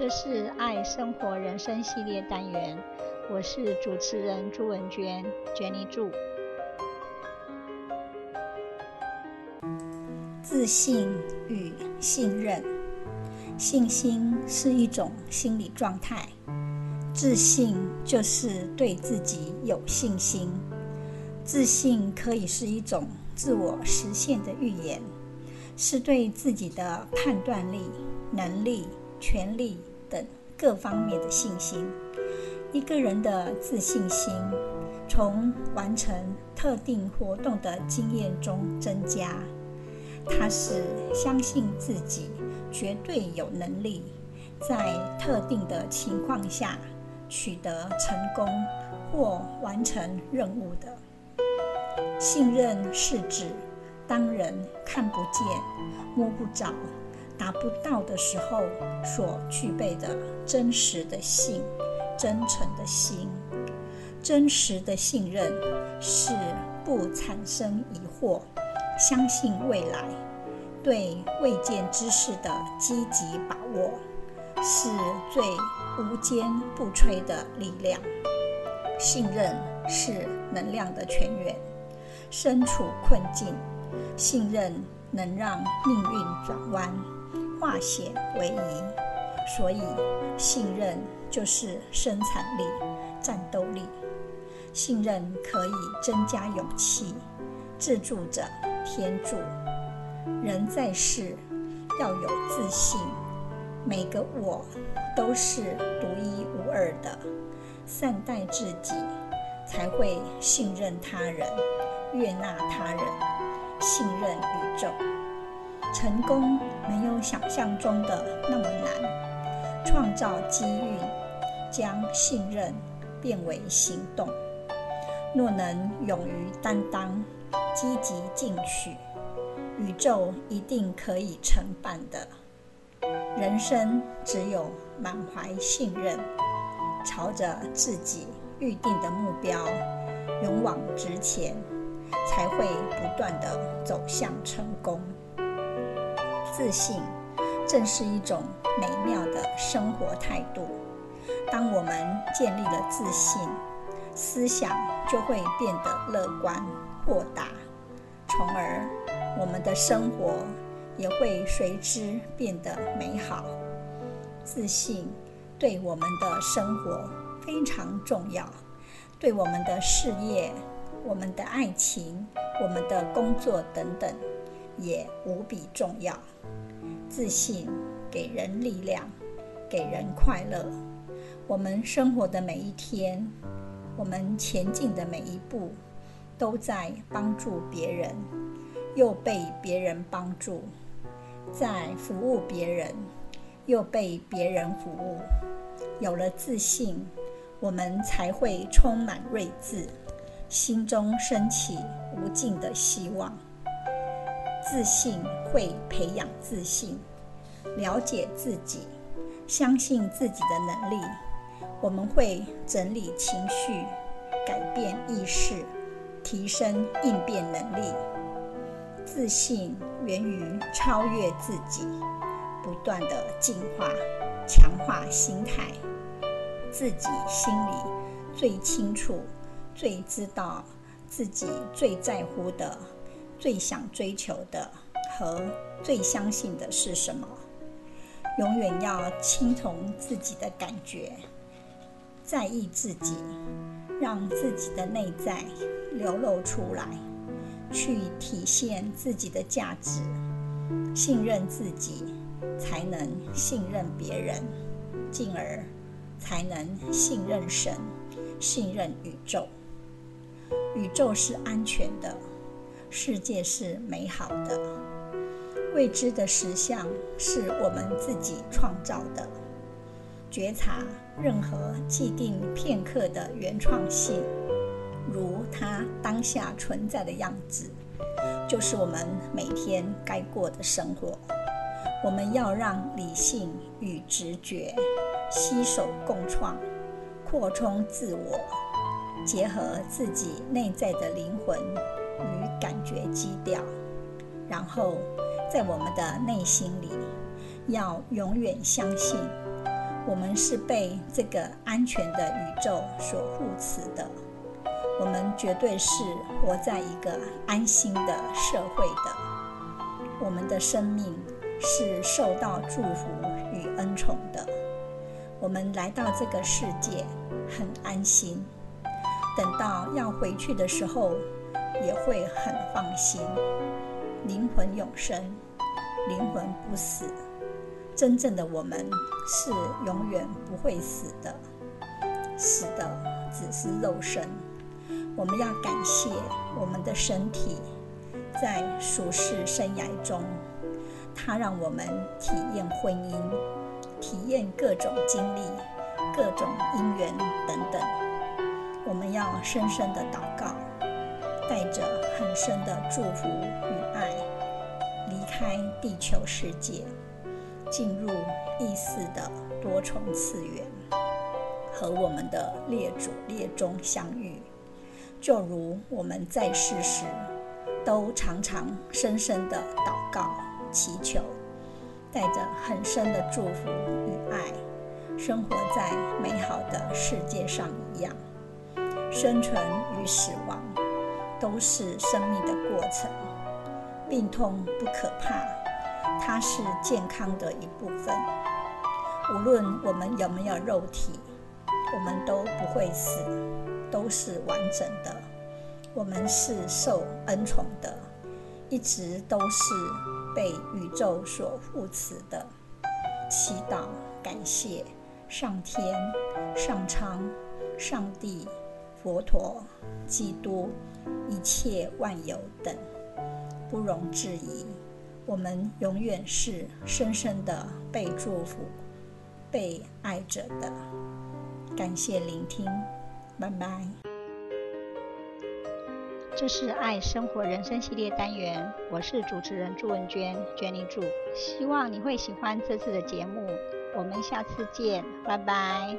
這是愛生活人生系列單元，我是主持人朱文娟。娟妮住自信與信任，信心是一種心理狀態，自信就是對自己有信心。自信可以是一種自我實現的預言，是對自己的判斷力、能力、權力。等各方面的信心。一個人的自信心，從完成特定活動的經驗中增加。它是相信自己絕對有能力，在特定的情況下，取得成功或完成任務的。信任是指當人看不見、摸不着。達不到的時候，所具備的真實的信、真誠的心、真實的信任，是不產生疑惑、相信未來、對未見之事的積極把握，是最無堅不摧的力量。信任是能量的泉源，身處困境，信任能讓命運轉彎。化險為夷，所以信任就是生產力、戰鬥力。信任可以增加勇氣。自助者天助。人在世要有自信，每個我都是獨一無二的。善待自己，才會信任他人、悅納他人、信任宇宙。成功沒有想象中的那麼難。創造機遇，將信任變為行動。若能勇於擔當，積極進取，宇宙一定可以成辦的。人生只有滿懷信任，朝着自己預定的目標勇往直前，才會不斷地走向成功。自信正是一種美妙的生活態度。當我們建立了自信，思想就會變得樂觀、豁達，從而我們的生活也會隨之變得美好。自信對我們的生活非常重要，對我們的事業、我們的愛情、我們的工作等等，也無比重要。自信給人力量，給人快樂。我們生活的每一天，我們前進的每一步，都在幫助別人，又被別人幫助；在服務別人，又被別人服務。有了自信，我們才會充滿睿智，心中升起無盡的希望。自信會培養自信，了解自己，相信自己的能力。我們會整理情緒，改變意識，提升應變能力。自信源於超越自己，不斷的淨化，強化心態。自己心裡最清楚，最知道，自己最在乎的。最想追求的和最相信的是什麼？永遠要聽從自己的感覺，在意自己，讓自己的內在流露出來，去體現自己的價值。信任自己，才能信任別人，進而才能信任神，信任宇宙。宇宙是安全的。世界是美好的，未知的實相是我們自己創造的。覺察任何既定片刻的原創性，如它當下存在的樣子，就是我們每天該過的生活。我們要讓理性與直覺攜手共創，擴充自我，結合自己內在的靈魂。與感覺基調，然後在我們的內心裡，要永遠相信，我們是被這個安全的宇宙所護持的。我們絕對是活在一個安心的社會的。我們的生命是受到祝福與恩寵的。我們來到這個世界很安心，等到要回去的時候。也會很放心。靈魂永生，靈魂不死，真正的我們是永遠不會死的。死的只是肉身。我們要感謝我們的身體，在俗世生涯中，它讓我們體驗婚姻，體驗各種經歷、各種因緣等等。我們要深深地禱告。帶着很深的祝福與愛，離開地球世界，進入意識的多重次元，和我們的列祖列宗相遇。就如我們在世時，都常常深深的禱告祈求，帶着很深的祝福與愛，生活在美好的世界上一樣。生存與死亡。都是生命的過程，病痛不可怕，它是健康的一部分。無論我們有沒有肉體，我們都不會死，都是完整的。我們是受恩寵的，一直都是被宇宙所護持的。祈禱，感謝上天、上蒼、上帝。佛陀、基督、一切萬有等，不容置疑，我們永遠是深深的被祝福、被愛着的。感謝聆聽，拜拜。這是愛生活人生系列單元，我是主持人朱文娟，Jenny 祝，希望你會喜歡這次的節目，我們下次見，拜拜。